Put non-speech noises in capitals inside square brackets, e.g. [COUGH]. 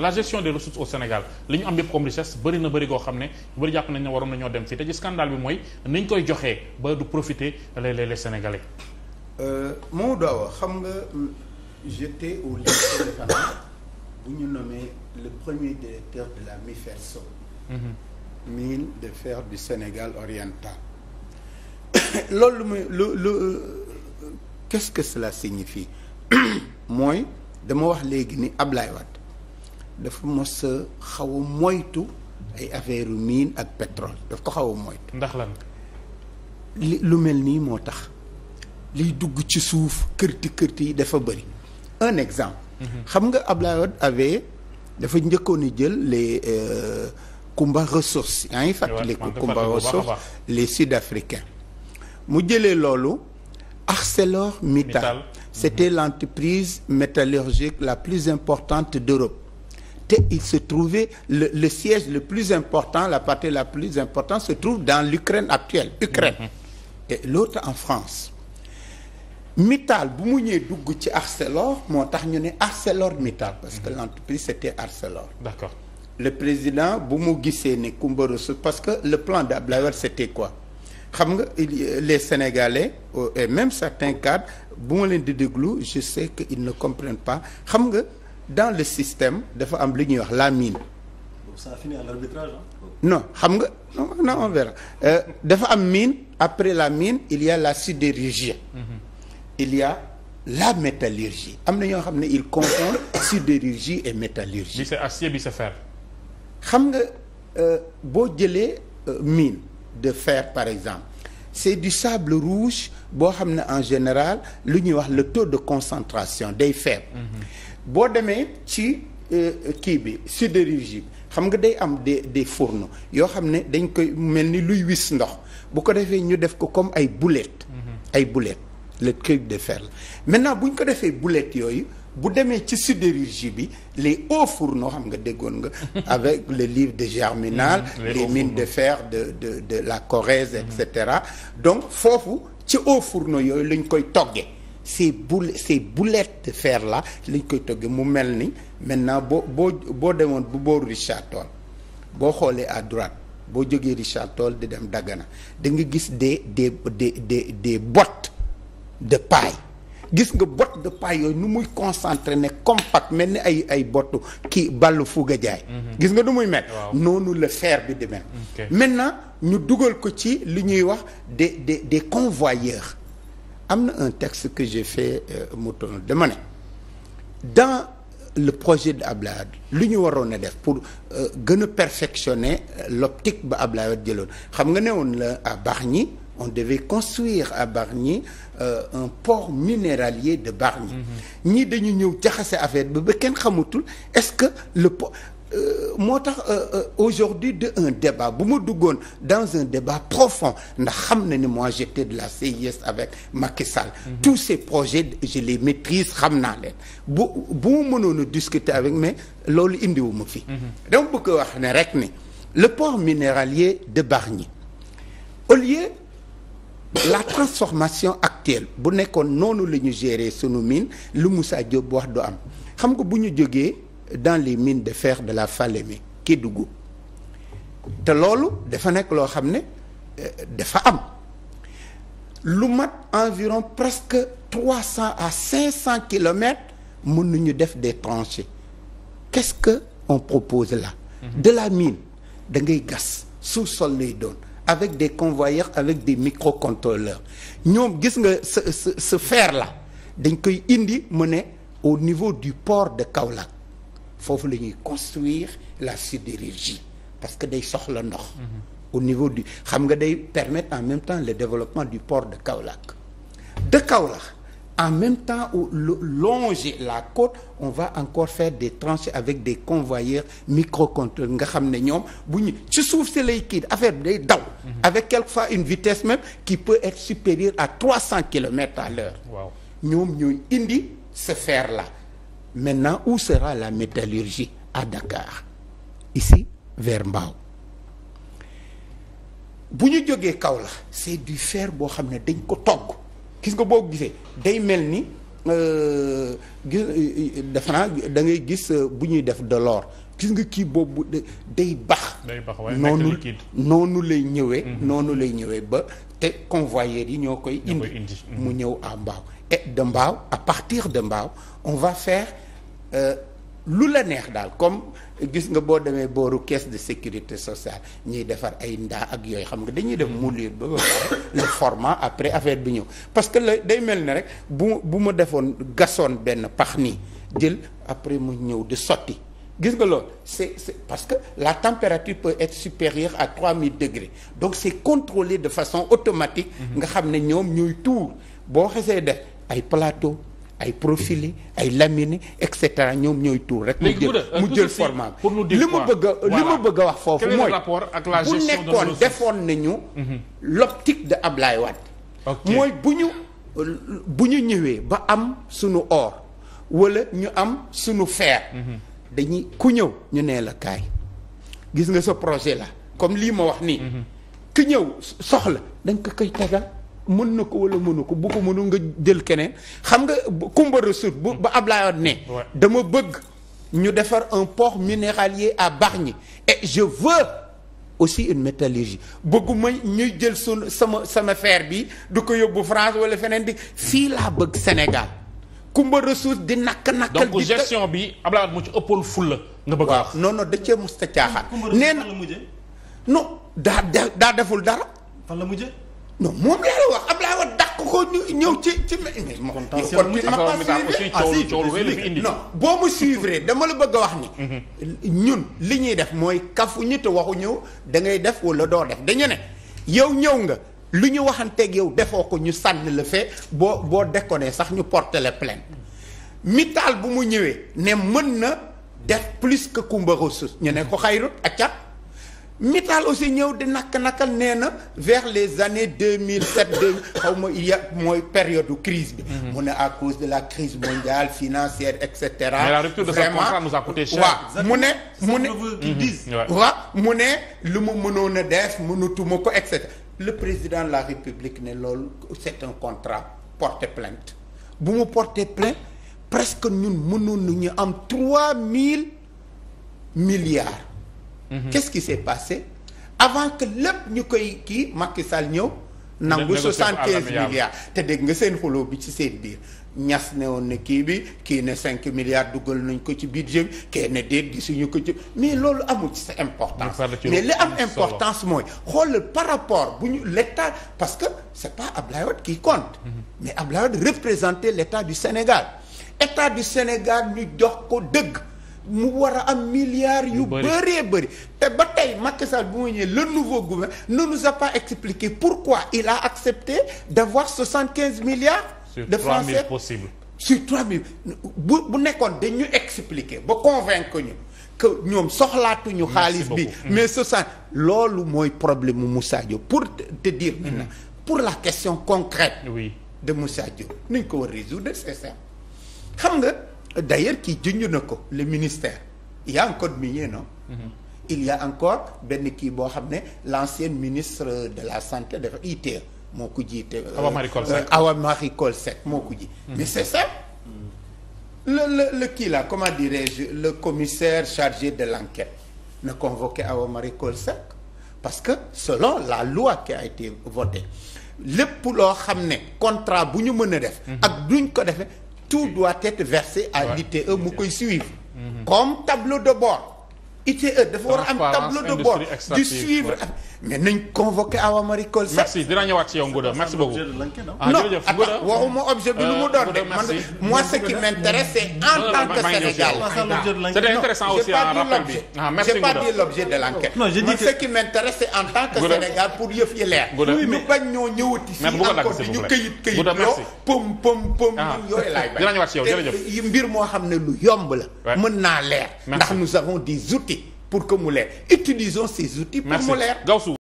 la gestion des ressources au Sénégal li ñu am yëpp comme richesse bëri na bëri goo xam ne bëri jàpp nañ ne waroon na ñoo dem fii te ci scandale bi mooy nañ koy joxe ba du profiter les les les Sénégalais. Euh, moo daaw xam nga j'étais au lycée bu ñu de la MIFERSO. Mhm. fer du Sénégal oriental. [COUGHS] loolu mooy lu lu qu'est-ce que cela signifie [COUGHS] mooy dama wax léegi ni Ablaye Wade. dafa mos a xaw moytu ay affaire yu mine ak pétrole daf ko xaw a moytu. ndax lan. li lu mel nii moo tax liy dugg ci suuf kërti kërti yi dafa bëri un exemple. Mhm. xam nga Abdoulaye Wade avait dafa njëkkoon a jël les euh, Kumba ressources yaa ngi fàttaliku Kumba ressources les sud-africains mu jëlee loolu ArcelorMittal c'était mhm. l'entreprise métallurgique la plus importante d'Europe te il se trouvait le, le siège le plus important la partie la plus importante se trouve dans l'Ukraine actuelle Ukraine mm -hmm. et l'autre en France Mittal bu mu ñëwee dugg ci Arcelor moo tax ñu ne Arcelor Mittal parce que mhm. l'entreprise c'était Arcelor d'accord le président bu mu gisee ne Coumba parce que le plan d'Abdoulaye Wade c'était quoi xam nga les Sénégalais euh, et même certains cadres bu ma leen di déglu je sais qu'ils ne comprennent pas xam nga dans le système dafa am lu ñuy wax la mine. non xam nga non non on verra euh, dafa am mine après la mine il y la sidérurgie. Mm -hmm. il y a la métallurgie am na ñoo xam ne il confond [COUGHS] sidérurgie et métallurgie. bi c'est acier bi c'est fer. xam nga euh, boo jëlee euh, mine de fer par exemple c'est du sable rouge boo xam ne en général lu ñuy wax le taux de concentration des faible. Mm-hmm. boo demee ci euh, kii bi sidérurgie xam nga day am de des fourneaux yoo xam ne dañ koy mel ni luy wis ndox bu ko defee ñu def ko comme ay boulettes. Mm-hmm. ay boulettes le truc de fer la maintenant bu ñu ko defee boulettes yooyu. bu demee ci sidérurgie bi le hauts fourneaux xam nga déggoon nga [LAUGHS] avec le livre de Germinal mmh, mine de fer de de de la Corrèze mmh. et mm-hmm. donc foofu ci hauts fourneaux yooyu lañ koy toggee ces boule ces boulettes de fer là lañ koy toggee mu mel ni maintenant boo boo boo demoon bu booru Richard Toll boo xoolee à droite boo jógee Richard Toll di dem Dagana danga gis des des des des des bottes de paille gis nga bottes de paille yooyu nu muy concentré ne compact mel ni ay ay bottu kii ballu fuga jaay mhm. gis nga nu muy mel noonu la fer bi di mel maintenant ñu dugal ko ci li ñuy wax des des des convoyeurs am na un texte que j'ai fait euh, mu toll dama ne dans le projet de Abdoulaye lu ñu waroon a def pour euh, gën a perfectionner euh, l'optique ba Abdoulaye jëloon xam nga ne woon la à ñi on devait construire à Bargny euh, un port minéralier de baax Bargny mm-hmm. ñii dañu ñëw jaxase affaire bi ba kenn xamatul est-ce que le port Euh, moo tax euh, euh, aujourd'hui de un débat bu ma duggoon dans un débat profond ndax xam na ni moi j'étais de la CIS avec Macky Sall mm -hmm. tous ces projets je les maîtrise xam naa leen bu bu mu mënoon a discuter avec mais loolu indiwuma fi mhm. dama bëgg wax ne rek ni le port minéralier de Bargny au lieu la transformation actuelle bu nekkoon noonu la ñu gérer sunu mine lu Moussa Diop wax du am xam nga bu ñu jógee dans les mines de fer de la Falémé Kédougou te loolu dafa nekk loo xam ne euh, dafa am lu mat environ presque trois cent à cinq cent kilomètres mën nañu def des tranchées qu'est-ce que on propose là mhm. de la mine da ngay gas su sol lay doon avec des convoyeurs avec des microcontrôleurs ñoom gis nga ce ce fer la dañ koy indi mu ne au niveau du port de Kaolack foofu la ñuy construire la sidérurgie parce que day soxla ndox. Mhm. au niveau du xam nga day permettre en même temps le développement du port de Kaolack. de Kaolack en même temps où longer la côte on va encore faire des tranchées avec des convoyeurs microcontrôleurs nga xam ne ñoom bu ñu ci suuf si lay kii affaire bi day daw. Mhm. avec quelquefois une vitesse même qui peut être supérieure à trois cent kilomètres à l'heure. waaw ñoom ñooy indi ce fer là. Maintenant, où sera la métallurgie à Dakar Ici, vers Mbao. bu ñu jógee kaw la c'est du fer boo xam ne dañ ko togg gis nga boo gisee day mel ni euh, gis euh, naa da ngay gis euh, bu ñuy def de l'or gis nga kii boobu day bax noonu noonu lay ñëwee mhm. noonu lay ñëwee ba te convoyeurs yi ñoo koy indi mu mhm. ñëw à Mbao et de Mbao à partir de Mbao on va faire Euh, lu la neex daal comme gis nga boo demee booru caisse de sécurité sociale ñuy defar ay ndaa ak yooyu xam nga dañuy def moulir ba le format après affaire bi ñëw parce que la day mel ni rek bu bu ma defoon gasoon benn pax nii jël après mu ñëw di sotti gis nga loolu c'est c'est parce que la température peut être a trois 3000 degrés donc c'est contrôlé de façon automatique mm-hmm. nga xam ne ñoom ñooy tuur boo xesee def ay plateau ay Profili ay Lamini et cetera ñoom ñooy tuur rek. mu jël euh, mu jël format bi li mu bëgg a li mu bëgg a wax foofu. mooy bu nekkoon defoon nañu. Mhm. l'optique de Ablaye Wade. mooy bu ñu bu ñu ñëwee ba am sunu or wala ñu am sunu fer. Mhm. dañuy ku ñëw ñu nee la kaay gis nga sa projet la comme lii ma wax nii. Mhm. ku ñëw soxla dañ koy tegal. mën na ko wala mënu ko bu ko mënu nga jël keneen xam nga Coumba Rassoul bu ba Abdoulaye Wade ne dama bëgg ñu defar un port minéralier à Bargny et je veux aussi une métallurgie bëgguma ñuy jël sun sama sama bi du ko yóbbu France wala feneen di fii laa bëgg Sénégal Coumba Rassoul di nakk-nakkal donc gestion bi Abdoulaye Wade mu ci ëppoon fulla nga bëgg waaw non non da cee mus ta caaxaan nee na non daa daa deful dara fan moom laa la ko ñëw ci ci. kon tension bi ah, indi. non boo mu suivre dama la bëgg a wax ni. Mm-hmm. ñun li ñuy def mooy kafu ñi te waxu ñëw da ngay def wala doo def dañu ne yow ñëw nga lu ñu waxanteeg yow defoo ko ñu sànni la fee boo boo déconné sax ñu porter la plainte. mitaal bu mu ñëwee ne mën na def plus que Coumba Rassoul ñu ne ko xayrut ak Mittal aussi ñëw de nakk-nakkal nee na vers les années 2007 xaw ma il y a mooy période crise bi mhm. mu ne à cause de la crise mondiale financière et cetera mais la rupture de ce contrat nous a coûté cher waaw mu ne mu ne mhm. mu ne lu mu mënoon a def mënatuma ko et cetera le président de la république ne lool c'est un contrat porté plainte bu mu porté plainte presque ñun mënoon nañu am 3000 milliards Mhm. qu'est-ce qui s'est passé avant que lépp ñu koy kii Macky Sall ñëw nangu soixante-quinze milliards te dégg nga seen xuloo bi ci seen biir ñas ne woon ne kii bi kii ne cinq milliards dugal nañ ko ci biir bi kii ne déet gisuñu ko ci mais loolu amul ci sa importance mais li am importance mooy xoolal par rapport bu ñu l'état parce que c'est pas ab Wade qui compte mhm. mais Ablaye Wade représentait l'état du Sénégal état du Sénégal ñu jox ko dëgg mu war a am milliards yu bëree bëri te ba tey Macky Sall bu ma ñëwee le nouveau gouvernement ne nous a pas expliqué pourquoi il a accepté d'avoir quinze milliards de francs possibles sur trois mille bu bu nekkoon dañu expliquer ba convaincre ñu que ñoom soxlaatuñu xaalis bi mais soixante mm. loolu mooy problème mu Moussa pour te dire mm. pour la question concrète oui. de Moussa Diop nañ ko war résoudre c'est ça xam nga d'ailleurs kii junj na ko le ministère il y a un code mhm. y encore benn kii boo xam ne l'ancien ministre de la santé dafa ITE moo ko jiite euh, Awa Marie Coll Seck euh, Awa moo ko ji mhm. mais c'est ça le le le kii la comment dirais-je le commissaire chargé de l'enquête na convoqué Awa Marie Coll parce que selon la loi qui a été lépp loo xam ne contrat bu ñu mën a def mhm. ak duñ ko defee tout doit être versé à l'ITE mu koy suivre mhm. comme tableau de bord ITE dafa war a am tableau de bord di suivre mais nañ convoqué Awa Marie Coll Seck. merci si yow Ngouda merci beaucoup. Ah, waxuma objet bi lu mu euh, doon de man ce qui m'intéresse en tant que Sénégal. c'était pas ah, dit l'objet de l'enquête. non ce qui m'intéresse en tant que Sénégal pour yëf yi leer. ñu bañ ñoo ñëwati fii encore di ñu këyit këyit loo pom pom pom ah. yooyu [LAUGHS] mbir moo xam ne lu yomb la. mën naa leer. ndax nous avons des outils pour que mu leer utilisons ces outils pour